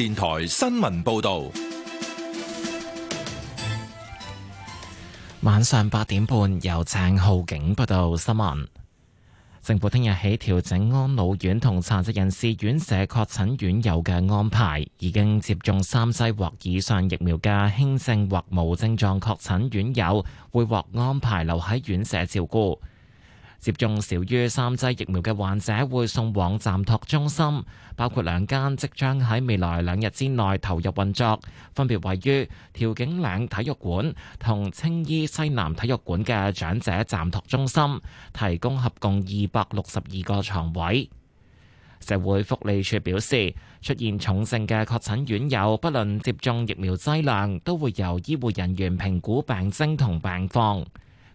電台新聞報道，晚上八點半由鄭浩景報道新聞。政府聽日起調整安老院同殘疾人士院舍確診院友嘅安排，已經接種三劑或以上疫苗嘅輕症或無症狀確診院友會獲安排留喺院舍照顧。接種少於三劑疫苗嘅患者會送往暫托中心，包括兩間即將喺未來兩日之內投入運作，分別位於調景嶺體育館同青衣西南體育館嘅長者暫托中心，提供合共二百六十二個床位。社會福利署表示，出現重症嘅確診院友，不論接種疫苗劑量，都會由醫護人員評估病徵同病況。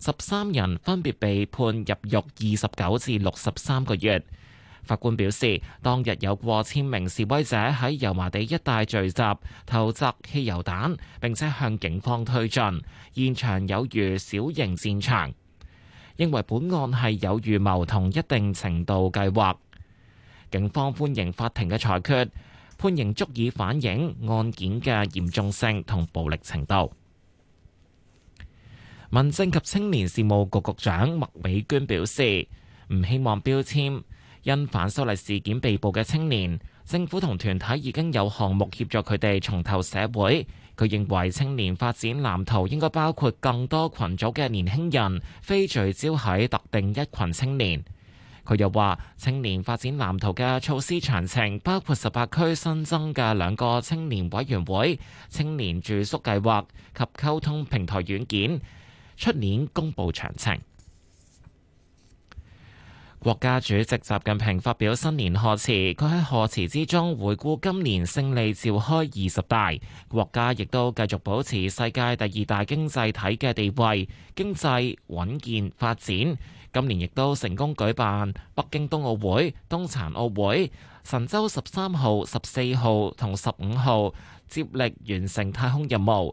十三人分別被判入獄二十九至六十三個月。法官表示，當日有過千名示威者喺油麻地一帶聚集、投擲汽油彈，並且向警方推進，現場有如小型戰場。認為本案係有預謀同一定程度計劃。警方歡迎法庭嘅裁決，判刑足以反映案件嘅嚴重性同暴力程度。民政及青年事務局局長麥美娟表示，唔希望標籤因反修例事件被捕嘅青年，政府同團體已經有項目協助佢哋重投社會。佢認為青年發展藍圖應該包括更多群組嘅年輕人，非聚焦喺特定一群青年。佢又話，青年發展藍圖嘅措施詳情包括十八區新增嘅兩個青年委員會、青年住宿計劃及溝通平台軟件。出年公布詳情。國家主席習近平發表新年賀詞，佢喺賀詞之中回顧今年勝利召開二十大，國家亦都繼續保持世界第二大經濟體嘅地位，經濟穩健發展。今年亦都成功舉辦北京冬奧會、冬殘奧會，神舟十三號、十四號同十五號接力完成太空任務。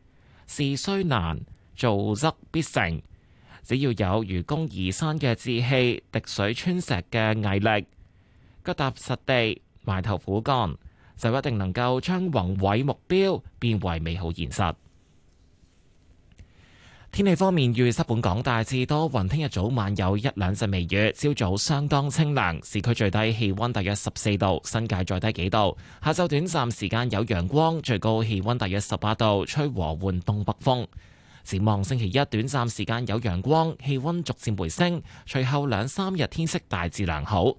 事雖難，做則必成。只要有愚公移山嘅志氣，滴水穿石嘅毅力，腳踏實地，埋頭苦幹，就一定能夠將宏偉目標變為美好現實。天氣方面，預測本港大致多雲，聽日早晚有一兩陣微雨，朝早相當清涼，市區最低氣溫大約十四度，新界再低幾度。下晝短暫時間有陽光，最高氣溫大約十八度，吹和緩東北風。展望星期一短暫時間有陽光，氣溫逐漸回升，隨後兩三日天色大致良好。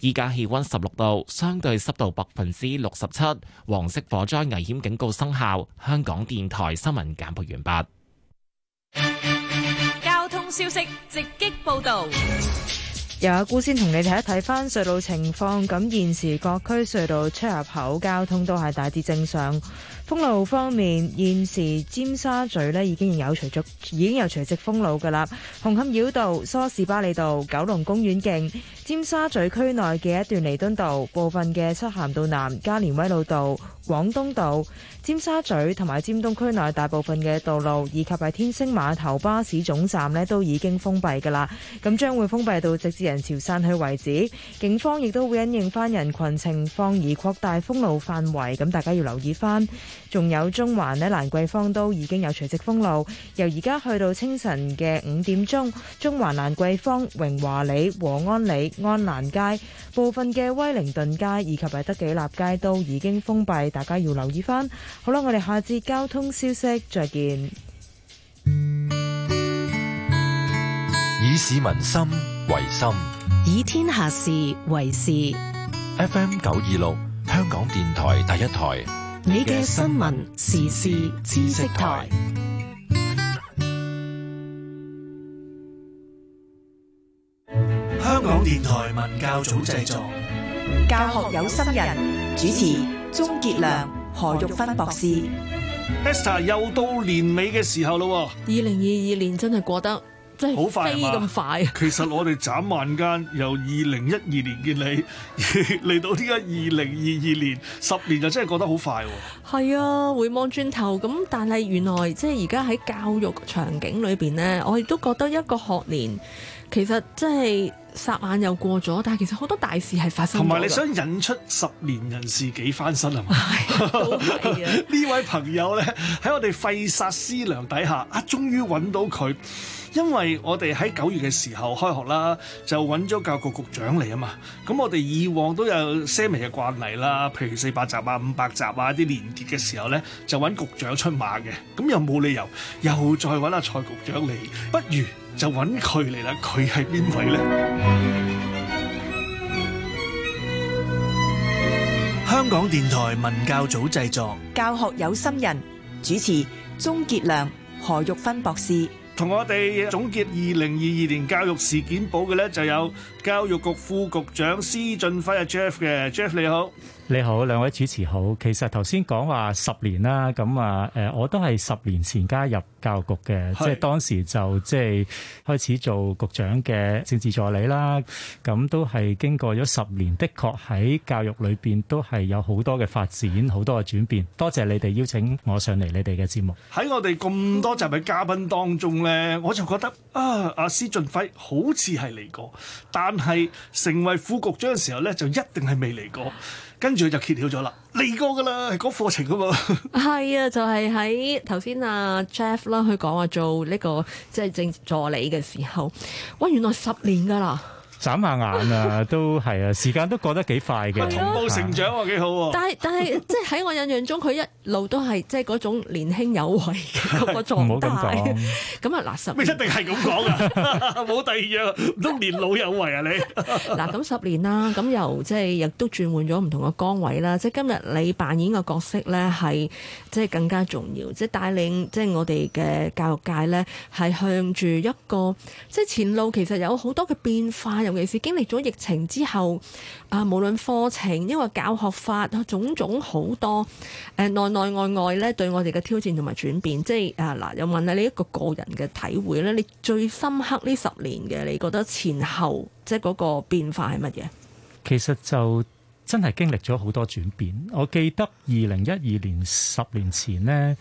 依家氣溫十六度，相對濕度百分之六十七，黃色火災危險警告生效。香港電台新聞簡報完畢。交通消息直擊報道，由阿姑先同你睇一睇返隧道情況。咁現時各區隧道出入口交通都係大致正常。封路方面，現時尖沙咀咧已經有除咗已經有隨即封路㗎啦。紅磡繞道、梳士巴利道、九龍公園徑、尖沙咀區內嘅一段彌敦道、部分嘅漆咸道南、加連威老道、廣東道、尖沙咀同埋尖東區內大部分嘅道路，以及係天星碼頭巴士總站呢，都已經封閉㗎啦。咁將會封閉到直至人潮散去為止。警方亦都會因應翻人群情況而擴大封路範圍。咁大家要留意翻。仲有中環咧，蘭桂坊都已經有垂直封路。由而家去到清晨嘅五點鐘，中環蘭桂坊、榮華里、和安里、安蘭街部分嘅威靈頓街以及德己立街都已經封閉，大家要留意翻。好啦，我哋下節交通消息再見。以市民心為心，以天下事為事。FM 九二六，香港電台第一台。你嘅新聞時事知識台，香港電台文教組製作，教學有心人主持，鍾杰良、何玉芬博士。Esther 又到年尾嘅時候咯，二零二二年真係過得。真係好快啊！咁快，其實我哋斬萬間由二零一二年見你嚟到呢家二零二二年，十年就真係過得好快喎。係啊，回望轉頭咁，但係原來即係而家喺教育場景裏邊咧，我亦都覺得一個學年其實即係霎眼又過咗，但係其實好多大事係發生。同埋你想引出十年人事幾翻身啊嘛？呢 位朋友咧喺我哋費煞思量底下，啊，終於揾到佢。因為我哋喺九月嘅時候開學啦，就揾咗教育局局長嚟啊嘛。咁我哋以往都有些微嘅慣例啦，譬如四百集啊、五百集啊啲連結嘅時候呢，就揾局長出馬嘅。咁又冇理由又再揾阿、啊、蔡局長嚟，不如就揾佢嚟啦。佢係邊位呢？ 香港電台文教組製作，教學有心人主持，鍾傑良、何玉芬博士。同我哋總結二零二二年教育事件簿嘅咧，就有。教育局副局長施俊輝啊，Jeff 嘅 Jeff，你好，你好，兩位主持好。其實頭先講話十年啦，咁啊，誒、呃，我都係十年前加入教育局嘅，是即係當時就即係開始做局長嘅政治助理啦。咁都係經過咗十年，的確喺教育裏邊都係有好多嘅發展，好多嘅轉變。多謝你哋邀請我上嚟你哋嘅節目。喺我哋咁多集嘅嘉賓當中咧，我就覺得啊，阿施俊輝好似係嚟過，但但係成為副局長嘅時候咧，就一定係未嚟過，跟住就揭曉咗啦，嚟過噶啦，係講課程噶嘛，係 啊，就係喺頭先阿 Jeff 啦，這個，佢講話做呢個即係政治助理嘅時候，哇，原來十年噶啦。眨下眼啊，都係啊，時間都過得幾快嘅。同步成長啊，幾好喎！但係但係，但是 即係喺我印象中，佢一路都係即係嗰種年輕有為嘅個狀態，唔好咁講。咁啊嗱，十咩一定係咁講啊？冇 第二樣都年老有為啊你。嗱， 咁十年啦，咁又即係亦都轉換咗唔同嘅崗位啦。即係今日你扮演嘅角色咧，係即係更加重要，即係帶領即係我哋嘅教育界咧，係向住一個即係前路其實有好多嘅變化。尤其是經歷咗疫情之後，啊，無論課程，因為教學法種種好多，誒、呃、內內外外咧，對我哋嘅挑戰同埋轉變，即係啊嗱，又問下你一個個人嘅體會咧，你最深刻呢十年嘅，你覺得前後即係嗰個變化係乜嘢？其實就真係經歷咗好多轉變。我記得二零一二年十年前呢。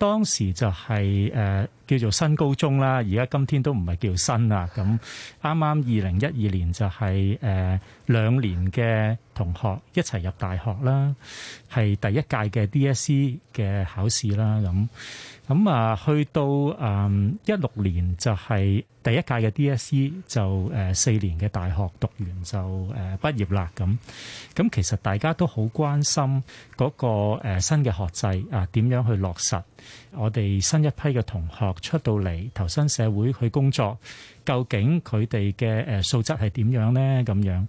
當時就係、是、誒、呃、叫做新高中啦，而家今天都唔係叫新啦。咁啱啱二零一二年就係誒兩年嘅同學一齊入大學啦，係第一屆嘅 DSE 嘅考試啦。咁。咁啊，去到誒一六年就係第一屆嘅 DSE，就誒四年嘅大學讀完就誒畢業啦。咁咁其實大家都好關心嗰個誒新嘅學制啊，點樣去落實？我哋新一批嘅同學出到嚟投身社會去工作，究竟佢哋嘅誒素質係點樣呢？咁樣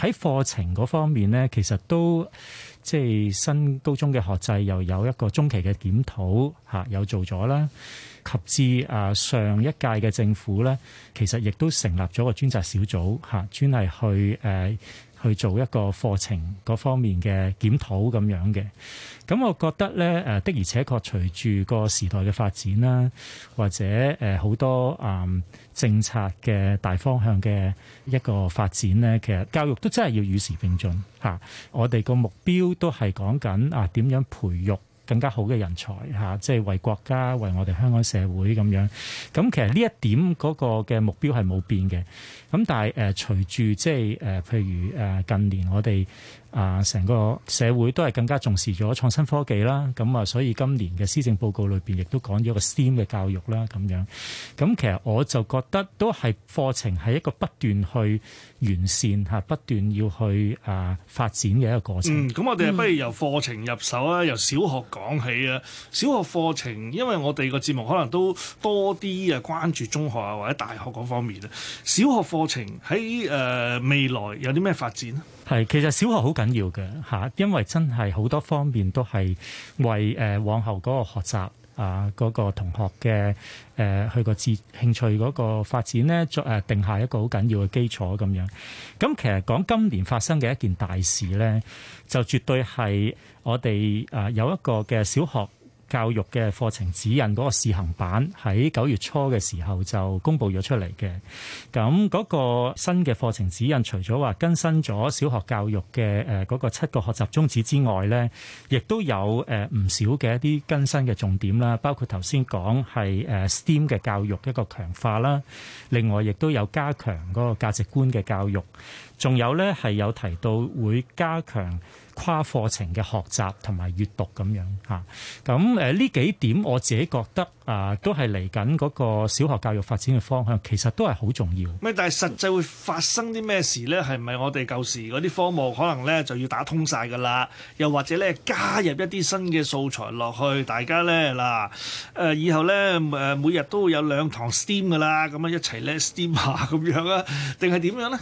喺課程嗰方面呢，其實都。即係新高中嘅學制又有一個中期嘅檢討，嚇、啊，有做咗啦。及至啊上一屆嘅政府咧，其實亦都成立咗個專責小組嚇，專、啊、係去誒、呃、去做一個課程嗰方面嘅檢討咁樣嘅。咁、嗯、我覺得咧誒、呃、的而且確隨住個時代嘅發展啦，或者誒好、呃、多誒、呃、政策嘅大方向嘅一個發展咧，其實教育都真係要與時並進嚇、啊。我哋個目標都係講緊啊點樣培育。更加好嘅人才吓、啊，即係為國家、為我哋香港社會咁樣。咁、啊、其實呢一點嗰個嘅目標係冇變嘅。咁、啊、但係誒隨住即係誒、呃、譬如誒、呃、近年我哋。啊！成個社會都係更加重視咗創新科技啦，咁啊，所以今年嘅施政報告裏邊亦都講咗個 STEAM 嘅教育啦，咁樣。咁、啊、其實我就覺得都係課程係一個不斷去完善嚇、啊，不斷要去啊發展嘅一個過程。咁、嗯、我哋不如由課程入手啊，嗯、由小學講起啊。小學課程，因為我哋個節目可能都多啲啊關注中學啊或者大學嗰方面啊。小學課程喺誒、呃、未來有啲咩發展呢？係，其實小學好緊要嘅嚇，因為真係好多方面都係為誒、呃、往後嗰個學習啊，嗰、嗰個同學嘅誒佢個志興趣嗰個發展咧，作誒、呃、定下一個好緊要嘅基礎咁樣。咁其實講今年發生嘅一件大事咧，就絕對係我哋誒、呃、有一個嘅小學教育嘅課程指引嗰個試行版喺九月初嘅時候就公布咗出嚟嘅，咁嗰個新嘅課程指引除咗話更新咗小學教育嘅誒嗰個七個學習宗旨之外咧，亦都有誒唔少嘅一啲更新嘅重點啦，包括頭先講係誒 STEAM 嘅教育一個強化啦，另外亦都有加強嗰個價值觀嘅教育，仲有咧係有提到會加強跨課程嘅學習同埋閱讀咁樣嚇，咁誒呢幾點我自己覺得啊、呃，都係嚟緊嗰個小學教育發展嘅方向，其實都係好重要。咩？但係實際會發生啲咩事咧？係咪我哋舊時嗰啲科目可能咧就要打通晒噶啦？又或者咧加入一啲新嘅素材落去，大家咧嗱誒以後咧誒、呃、每日都會有兩堂 STEAM 噶啦，咁啊一齊咧 STEAM 下咁樣啊，定係點樣咧？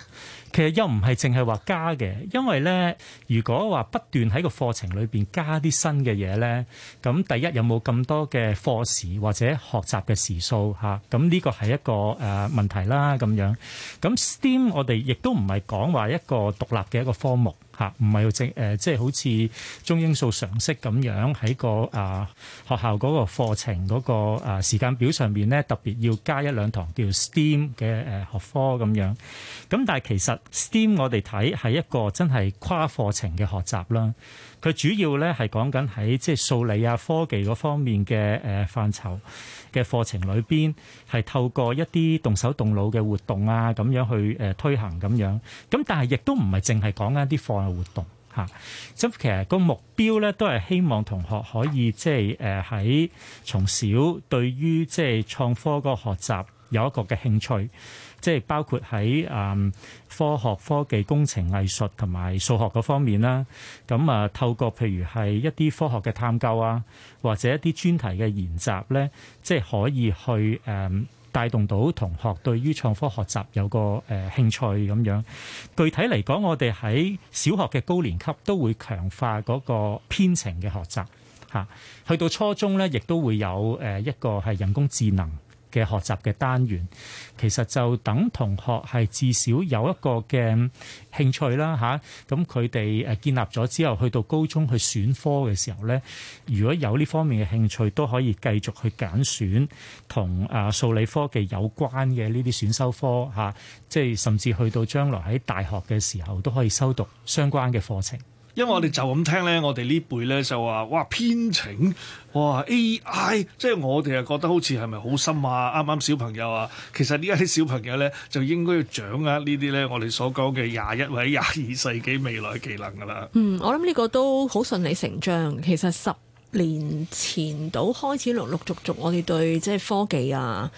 其實又唔係淨係話加嘅，因為咧，如果話不斷喺個課程裏邊加啲新嘅嘢咧，咁第一有冇咁多嘅課時或者學習嘅時數嚇？咁呢個係一個誒、呃、問題啦，咁樣。咁 STEAM 我哋亦都唔係講話一個獨立嘅一個科目。嚇，唔係 要正誒、呃，即係好似中英數常識咁樣喺個啊學校嗰個課程嗰、嗰個啊時間表上面咧，特別要加一兩堂叫 STEAM 嘅誒學科咁樣。咁但係其實 STEAM 我哋睇係一個真係跨課程嘅學習啦。佢主要咧係講緊喺即係數理啊科技嗰方面嘅誒範疇嘅課程裏邊，係透過一啲動手動腦嘅活動啊咁樣去誒推行咁樣咁，但係亦都唔係淨係講緊啲課外活動嚇。咁其實個目標咧都係希望同學可以即係誒喺從小對於即係創科個學習有一個嘅興趣。即係包括喺誒科學、科技、工程、藝術同埋數學嗰方面啦。咁啊，透過譬如係一啲科學嘅探究啊，或者一啲專題嘅研習咧，即係可以去誒帶動到同學對於創科學習有個誒興趣咁樣。具體嚟講，我哋喺小學嘅高年級都會強化嗰個編程嘅學習嚇。去到初中咧，亦都會有誒一個係人工智能。嘅學習嘅單元，其實就等同學係至少有一個嘅興趣啦吓，咁佢哋誒建立咗之後，去到高中去選科嘅時候咧，如果有呢方面嘅興趣，都可以繼續去揀選同誒數理科技有關嘅呢啲選修科吓，啊，即係甚至去到將來喺大學嘅時候都可以修讀相關嘅課程。因為我哋就咁聽呢，我哋呢輩呢就話，哇編程，哇 AI，即係我哋啊覺得好似係咪好深啊？啱啱小朋友啊，其實而家啲小朋友呢，就應該要掌握呢啲呢，我哋所講嘅廿一或者廿二世紀未來技能噶啦。嗯，我諗呢個都好順理成章。其實十年前到開始陸陸續續，我哋對即係科技啊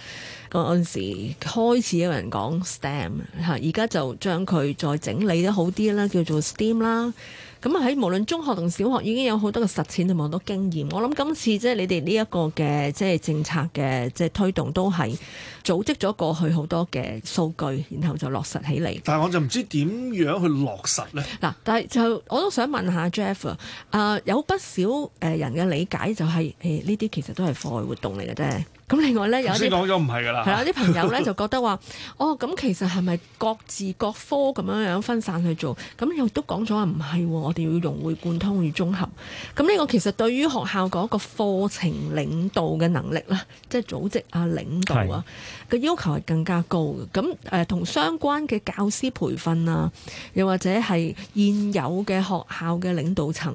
嗰陣時開始有人講 STEM 吓，而家就將佢再整理得好啲啦，叫做 STEAM 啦。咁喺無論中學同小學已經有好多嘅實踐同好多經驗，我諗今次即係你哋呢一個嘅即係政策嘅即係推動都係組織咗過去好多嘅數據，然後就落實起嚟。但係我就唔知點樣去落實咧。嗱，但係就我都想問下 Jeff 啊，有不少誒人嘅理解就係誒呢啲其實都係課外活動嚟嘅啫。咁另外咧，有啲先講咗唔係㗎啦，係啦啲朋友咧就覺得話， 哦咁其實係咪各自各科咁樣樣分散去做？咁又都講咗話唔係喎，我哋要融會貫通與綜合。咁呢個其實對於學校嗰一個課程領導嘅能力啦，即係組織啊領導啊嘅要求係更加高嘅。咁誒同相關嘅教師培訓啊，又或者係現有嘅學校嘅領導層。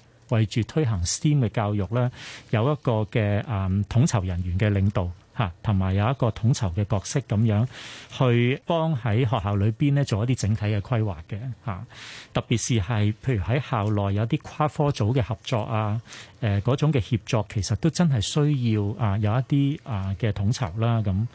為住推行 STEM 嘅教育咧，有一個嘅誒統籌人員嘅領導嚇，同埋有一個統籌嘅角色咁樣，去幫喺學校裏邊咧做一啲整體嘅規劃嘅嚇。特別是係譬如喺校內有啲跨科組嘅合作啊，誒嗰種嘅協作，其實都真係需要啊有一啲啊嘅統籌啦咁。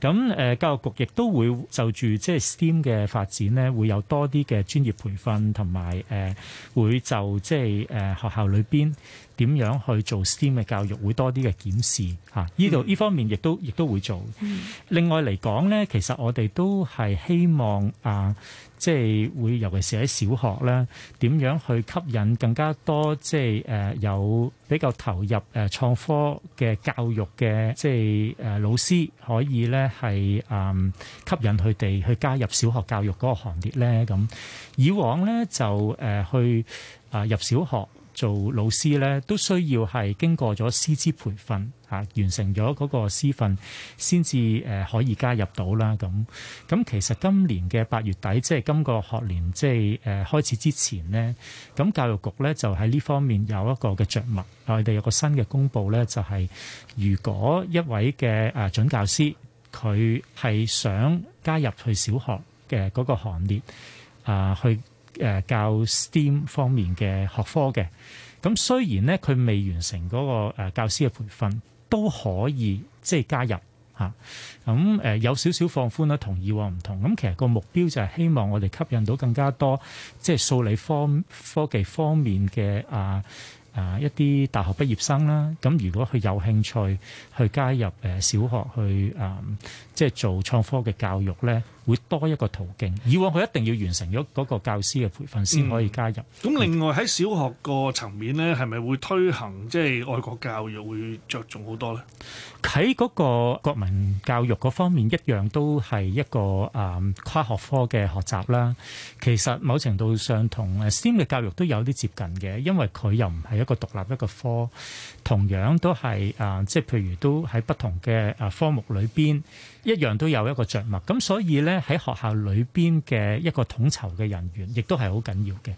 咁誒教育局亦都會就住即係 STEAM 嘅發展咧，會有多啲嘅專業培訓，同埋誒會就即係誒學校裏邊點樣去做 STEAM 嘅教育，會多啲嘅檢視嚇。呢度呢方面亦都亦、嗯、都會做。嗯、另外嚟講咧，其實我哋都係希望啊。即係會，尤其是喺小學咧，點樣去吸引更加多即係誒有比較投入誒創科嘅教育嘅即係誒老師，可以咧係誒吸引佢哋去加入小學教育嗰個行列咧？咁以往咧就誒去啊入小學做老師咧，都需要係經過咗師資培訓。啊！完成咗嗰個師訓，先至誒可以加入到啦。咁、啊、咁其實今年嘅八月底，即係今個學年即係誒開始之前咧，咁、啊、教育局咧就喺呢方面有一個嘅着墨，佢、啊、哋有個新嘅公佈咧，就係、是、如果一位嘅誒、啊、準教師佢係想加入去小學嘅嗰個行列啊，去誒、啊、教 STEM 方面嘅學科嘅，咁、啊、雖然咧佢未完成嗰個教師嘅培訓。都可以即係加入吓，咁、啊、誒有少少放寬啦，同以往唔同。咁、啊、其實個目標就係希望我哋吸引到更加多即係數理方科，科技方面嘅啊啊一啲大學畢業生啦。咁、啊、如果佢有興趣去加入誒、啊、小學去誒、啊、即係做創科嘅教育咧。會多一個途徑，以往佢一定要完成咗嗰個教師嘅培訓先可以加入。咁另外喺小學個層面咧，係咪會推行即係愛國教育，會著重好多咧？喺嗰個國民教育嗰方面，一樣都係一個誒跨學科嘅學習啦。其實某程度上同誒 STEM 嘅教育都有啲接近嘅，因為佢又唔係一個獨立一個科。同樣都係啊，即、呃、係譬如都喺不同嘅啊科目裏邊，一樣都有一個着墨。咁所以咧喺學校裏邊嘅一個統籌嘅人員，亦都係好緊要嘅。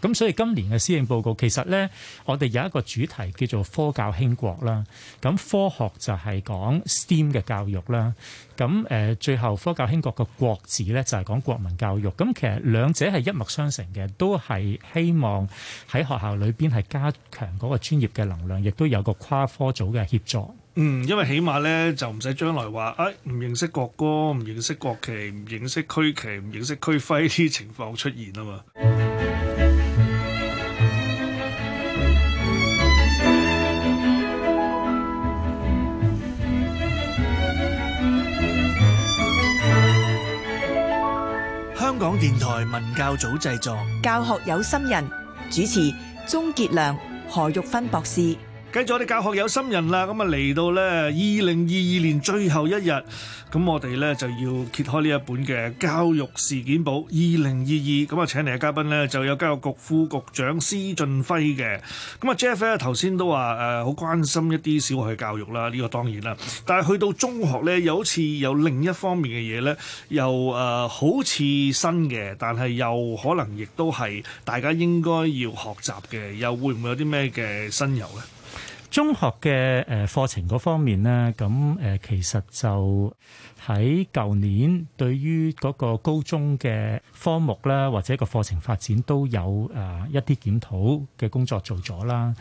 咁所以今年嘅施政報告其實咧，我哋有一個主題叫做科教興國啦。咁科學就係講 STEM 嘅教育啦。咁誒，最後科教興國個國字咧，就係講國民教育。咁其實兩者係一脈相承嘅，都係希望喺學校裏邊係加強嗰個專業嘅能量，亦都有個跨科組嘅協助。嗯，因為起碼咧就唔使將來話誒唔認識國歌、唔認識國旗、唔認識區旗、唔認識區徽呢啲情況出現啊嘛。電台文教組製作，教學有心人主持，鍾杰良、何玉芬博士。繼續我哋教學有心人啦，咁啊嚟到呢，二零二二年最後一日，咁、嗯、我哋呢就要揭開呢一本嘅《教育事件簿》二零二二。咁、嗯、啊，請嚟嘅嘉賓呢就有教育局副局長施俊輝嘅。咁、嗯、啊，Jeff 呢頭先都話誒，好、呃、關心一啲小學嘅教育啦。呢、這個當然啦，但係去到中學呢又好似有另一方面嘅嘢呢，又誒、呃、好似新嘅，但係又可能亦都係大家應該要學習嘅，又會唔會有啲咩嘅新猷呢？中學嘅誒課程嗰方面咧，咁誒其實就。喺舊年，對於嗰個高中嘅科目啦，或者個課程發展都有誒一啲檢討嘅工作做咗啦。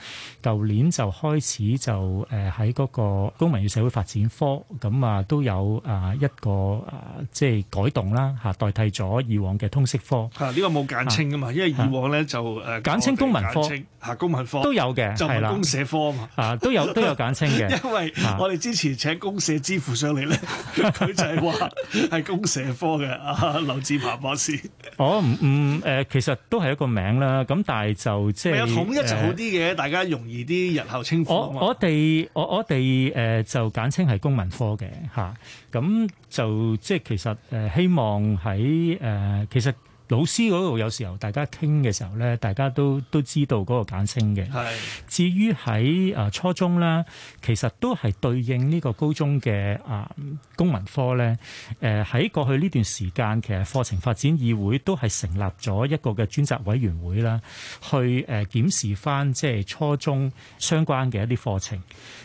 舊年就開始就誒喺嗰個公民與社會發展科，咁啊都有誒一個誒即係改動啦嚇，代替咗以往嘅通識科。嚇、啊，呢、這個冇簡稱噶嘛，因為以往咧就誒、啊、簡稱公民科嚇、啊，公民科都有嘅就係啦，公社科嘛啊嘛嚇，都有都有簡稱嘅， 因為我哋之前請公社支付上嚟咧 就係話係公社科嘅啊，劉志鵬博士。我唔唔誒，其實都係一個名啦。咁但係就即係統一就好啲嘅，大家容易啲，日後稱呼。我我哋我我哋誒就簡稱係公民科嘅嚇。咁就即係其實誒希望喺誒其實。老師嗰度有時候大家傾嘅時候咧，大家都都知道嗰個簡稱嘅。係是。至於喺誒初中咧，其實都係對應呢個高中嘅誒、呃、公民科咧。誒、呃、喺過去呢段時間，其實課程發展議會都係成立咗一個嘅專責委員會啦，去誒檢視返即係初中相關嘅一啲課程。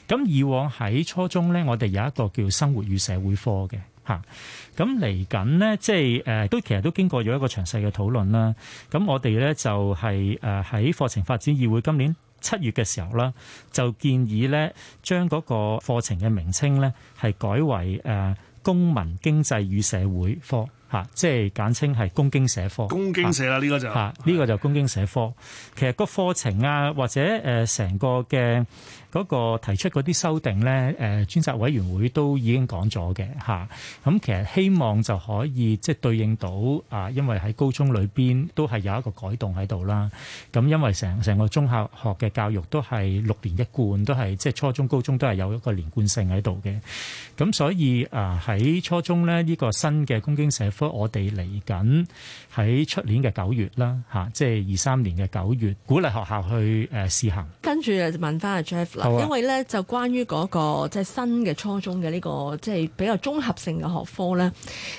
咁以往喺初中咧，我哋有一個叫生活與社會科嘅。嚇！咁嚟緊咧，即係誒，都其實都經過咗一個詳細嘅討論啦。咁我哋咧就係誒喺課程發展議會今年七月嘅時候啦，就建議咧將嗰個課程嘅名稱咧係改為誒公民、經濟與社會科。嚇，即係簡稱係公經社科。公經社啦，呢個就嚇呢個就係公經社科。其實個課程啊，或者誒成個嘅嗰個提出嗰啲修訂咧，誒專責委員會都已經講咗嘅嚇。咁其實希望就可以即係對應到啊，因為喺高中裏邊都係有一個改動喺度啦。咁因為成成個中學學嘅教育都係六年一貫，都係即係初中、高中都係有一個連貫性喺度嘅。咁所以啊喺初中咧呢個新嘅公經社科。我哋嚟緊喺出年嘅九月啦，嚇、啊，即係二三年嘅九月，鼓勵學校去誒、呃、試行。跟住問翻阿 Jeff 啦，啊、因為咧就關於嗰、那個即係新嘅初中嘅呢、這個即係比較綜合性嘅學科咧，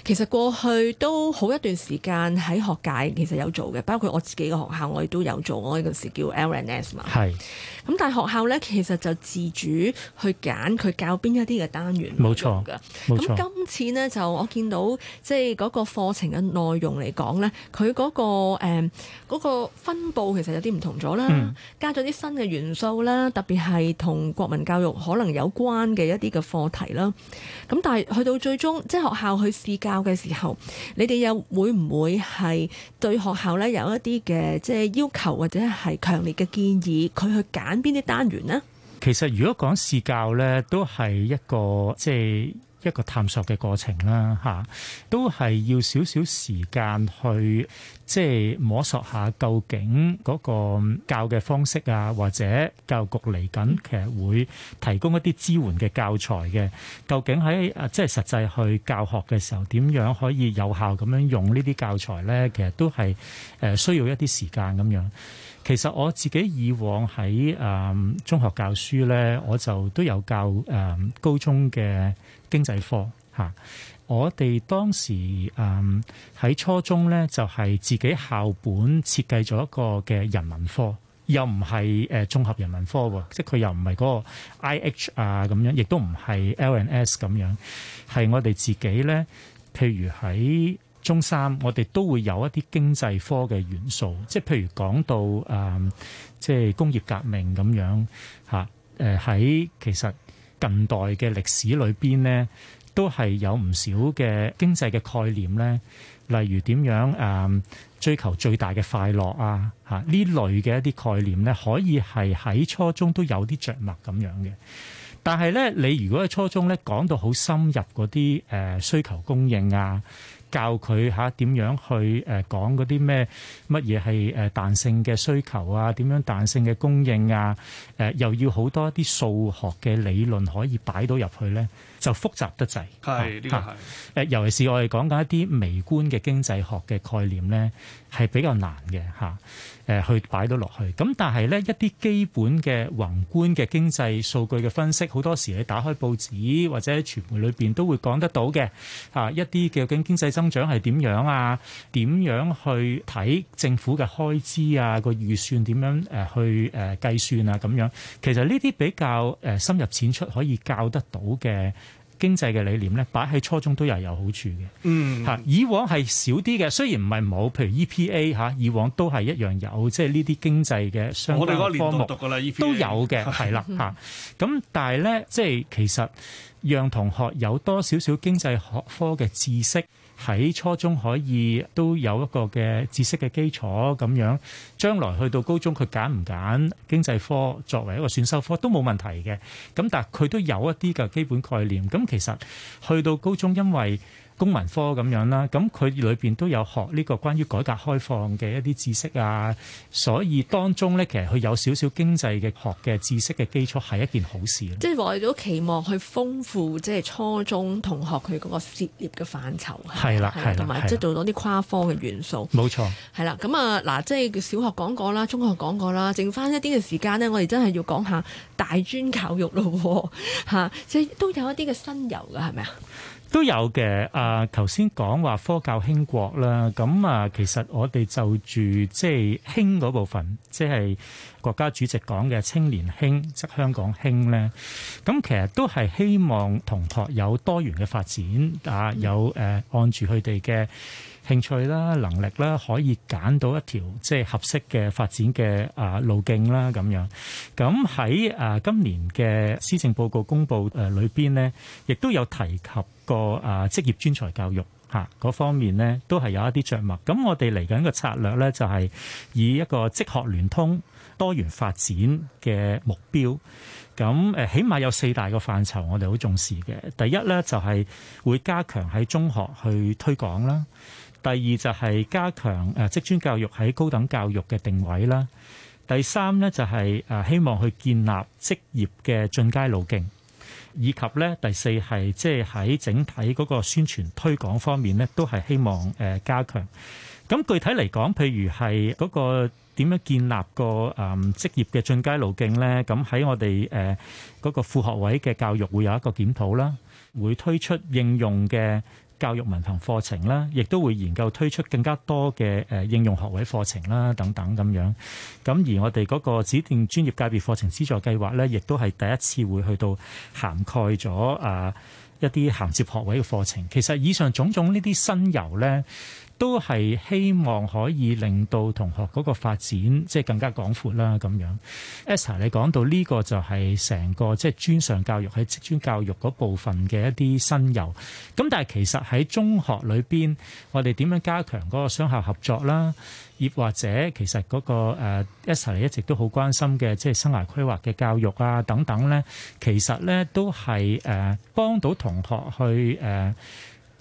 其實過去都好一段時間喺學界其實有做嘅，包括我自己嘅學校，我亦都有做，我嗰陣時叫 L&S n 嘛。係是。咁但係學校咧其實就自主去揀佢教邊一啲嘅單元錯，冇的錯嘅。冇錯。咁今次呢就我見到即係個課程嘅內容嚟講呢，佢嗰個誒嗰個分佈其實有啲唔同咗啦，加咗啲新嘅元素啦，特別係同國民教育可能有關嘅一啲嘅課題啦。咁但係去到最終即係學校去試教嘅時候，你哋又會唔會係對學校呢有一啲嘅即係要求或者係強烈嘅建議佢去揀邊啲單元呢？其實如果講試教呢，都係一個即係。一個探索嘅過程啦，嚇、啊、都係要少少時間去，即係摸索下究竟嗰個教嘅方式啊，或者教育局嚟緊其實會提供一啲支援嘅教材嘅。究竟喺啊，即係實際去教學嘅時候，點樣可以有效咁樣用呢啲教材咧？其實都係誒、呃、需要一啲時間咁樣。其實我自己以往喺誒、呃、中學教書咧，我就都有教誒、呃、高中嘅。經濟科嚇、啊，我哋當時誒喺、嗯、初中咧，就係、是、自己校本設計咗一個嘅人文科，又唔係誒綜合人文科喎，即係佢又唔係嗰個 I H 啊咁樣，亦都唔係 L n S 咁樣，係我哋自己咧。譬如喺中三，我哋都會有一啲經濟科嘅元素，即係譬如講到誒、嗯，即係工業革命咁樣嚇。誒、啊、喺、呃、其實。近代嘅歷史裏邊咧，都係有唔少嘅經濟嘅概念咧，例如點樣誒、嗯、追求最大嘅快樂啊，吓呢類嘅一啲概念咧，可以係喺初中都有啲着墨咁樣嘅。但係咧，你如果喺初中咧講到好深入嗰啲誒需求供應啊。教佢嚇點樣去誒講嗰啲咩乜嘢係誒彈性嘅需求啊？點樣彈性嘅供應啊？誒、呃、又要好多一啲數學嘅理論可以擺到入去咧，就複雜得滯。係、啊、呢、個係、啊、尤其是我哋講緊一啲微觀嘅經濟學嘅概念咧。係比較難嘅嚇，誒、啊、去擺到落去。咁但係咧，一啲基本嘅宏觀嘅經濟數據嘅分析，好多時你打開報紙或者喺傳媒裏邊都會講得到嘅。啊，一啲究竟經濟增長係點樣啊？點樣去睇政府嘅開支啊？個預算點樣誒去誒、啊啊、計算啊？咁樣其實呢啲比較誒深入淺出可以教得到嘅。經濟嘅理念咧，擺喺初中都有好處嘅。嗯，吓以往係少啲嘅，雖然唔係冇，譬如 EPA 吓，以往都係一樣有，即係呢啲經濟嘅相關科目，我哋年都讀㗎啦 EPA，都有嘅，係啦吓。咁 但係咧，即係其實讓同學有多少少經濟學科嘅知識。喺初中可以都有一個嘅知識嘅基礎咁樣，將來去到高中，佢揀唔揀經濟科作為一個選修科都冇問題嘅。咁但係佢都有一啲嘅基本概念。咁其實去到高中，因為公文科咁樣啦，咁佢裏邊都有學呢個關於改革開放嘅一啲知識啊，所以當中咧其實佢有少少經濟嘅學嘅知識嘅基礎係一件好事咯啊。即係我哋都期望去豐富即係初中同學佢嗰個涉獵嘅範疇，係啦，同埋即係做咗啲跨科嘅元素。冇錯，係啦，咁啊嗱，即係小學講過啦，中學講過啦，剩翻一啲嘅時間呢，我哋真係要講下大專教育咯，吓，即係都有一啲嘅新猷噶，係咪啊？都有嘅，啊，頭先講話科教興國啦，咁啊，其實我哋就住即係興嗰部分，即係國家主席講嘅青年興，即香港興咧，咁、啊、其實都係希望同學有多元嘅發展，啊，有誒、呃、按住佢哋嘅興趣啦，能力啦，可以揀到一條即係合適嘅發展嘅啊路徑啦，咁樣咁喺啊今年嘅施政報告公布誒裏邊呢，亦都有提及過啊職業專才教育嚇嗰方面呢，都係有一啲着墨。咁我哋嚟緊嘅策略咧，就係以一個職學聯通多元發展嘅目標。咁誒，起碼有四大個範疇，我哋好重視嘅第一咧，就係會加強喺中學去推廣啦。第二就係加強誒職專教育喺高等教育嘅定位啦。第三咧就係誒希望去建立職業嘅進階路徑，以及咧第四係即係喺整體嗰個宣傳推廣方面咧，都係希望誒加強。咁具體嚟講，譬如係嗰個點樣建立個誒職業嘅進階路徑咧？咁喺我哋誒嗰個副學位嘅教育會有一個檢討啦，會推出應用嘅。教育文憑課程啦，亦都會研究推出更加多嘅誒應用學位課程啦，等等咁樣。咁而我哋嗰個指定專業界別課程資助計劃咧，亦都係第一次會去到涵蓋咗啊，一啲銜接學位嘅課程，其實以上種種呢啲新猷咧，都係希望可以令到同學嗰個發展即係、就是、更加廣闊啦咁樣。Esther 你講到呢個就係成個即係專上教育喺職專教育嗰部分嘅一啲新猷，咁但係其實喺中學裏邊，我哋點樣加強嗰個商校合作啦？亦或者其實嗰，那個誒一齊一直都好關心嘅，即係生涯規劃嘅教育啊等等咧，其實咧都係誒幫到同學去誒。呃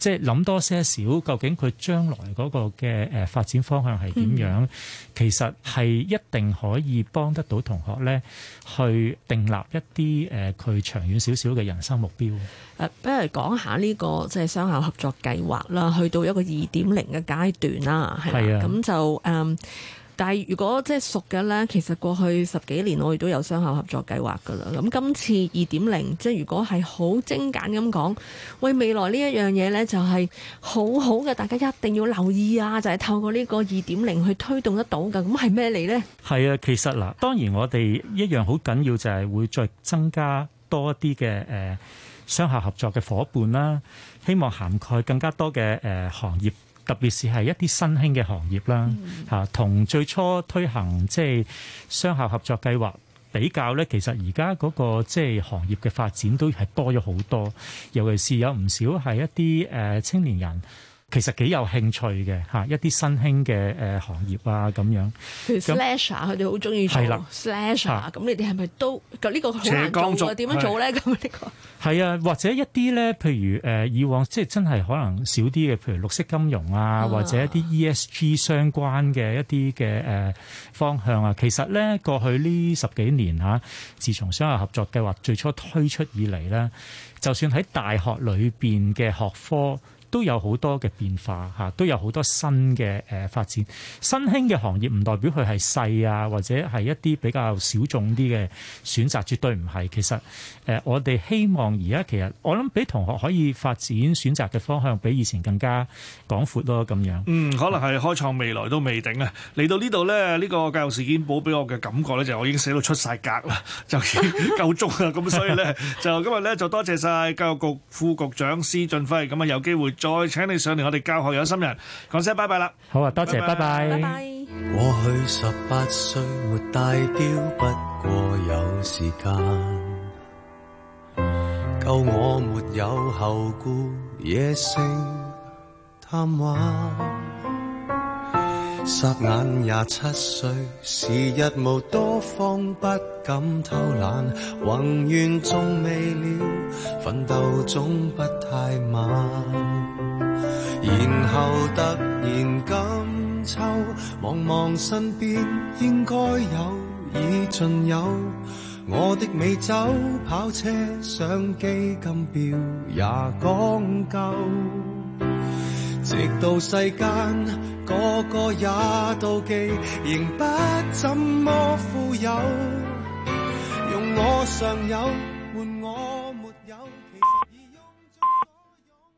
即係諗多些少，究竟佢將來嗰個嘅誒發展方向係點樣？其實係一定可以幫得到同學咧，去訂立一啲誒佢長遠少少嘅人生目標。誒，不如講下呢個即係雙校合作計劃啦，去到一個二點零嘅階段啦，係嘛？咁就誒。但係如果即係熟嘅呢，其實過去十幾年我哋都有商校合作計劃噶啦。咁今次二點零，即係如果係好精簡咁講，為未來呢一樣嘢呢，就係好好嘅，大家一定要留意啊！就係、是、透過呢個二點零去推動得到嘅。咁係咩嚟呢？係啊，其實嗱，當然我哋一樣好緊要就係會再增加多一啲嘅誒商校合作嘅伙伴啦，希望涵蓋更加多嘅誒、呃、行業。特別是係一啲新興嘅行業啦，嚇、嗯，同最初推行即係商校合作計劃比較咧，其實而家嗰個即係行業嘅發展都係多咗好多，尤其是有唔少係一啲誒青年人。其實幾有興趣嘅嚇，一啲新興嘅誒行業啊咁樣，譬如 slash 啊，佢哋好中意做的 slash 啊。咁的你哋係咪都咁、這個啊、呢個好難做點樣做咧？咁呢個係啊，或者一啲咧，譬如誒、呃、以往即係真係可能少啲嘅，譬如綠色金融啊，啊或者一啲 ESG 相關嘅一啲嘅誒方向啊。嗯、其實咧過去呢十幾年嚇，自從商校合作計劃最初推出以嚟咧，就算喺大學裏邊嘅學科。都有好多嘅變化嚇，都有好多新嘅誒發展。新興嘅行業唔代表佢係細啊，或者係一啲比較小眾啲嘅選擇，絕對唔係。其實誒、呃，我哋希望而家其實我諗，俾同學可以發展選擇嘅方向，比以前更加廣闊咯。咁樣嗯，可能係開創未來都未定啊。嚟到呢度咧，呢、呢個教育事件簿俾我嘅感覺咧，就我已經寫到出晒格啦，就夠足啦。咁 所以咧，就今日咧就多謝晒教育局副局長施俊輝，咁啊有機會。再請你上嚟，我哋教學有心人，講聲拜拜啦。好啊，多謝，拜拜 bye。Bye bye。過去十八歲沒大雕，不過有時間，夠我沒有後顧野性貪玩。霎眼廿七歲，時日無多方，方不敢偷懶，宏願仲未了，奮鬥總不太晚。然後突然感秋，望望身邊應該有已盡有，我的美酒跑車相機金表，也講究。直到世間個個也妒忌，仍不怎麼富有，用我尚有。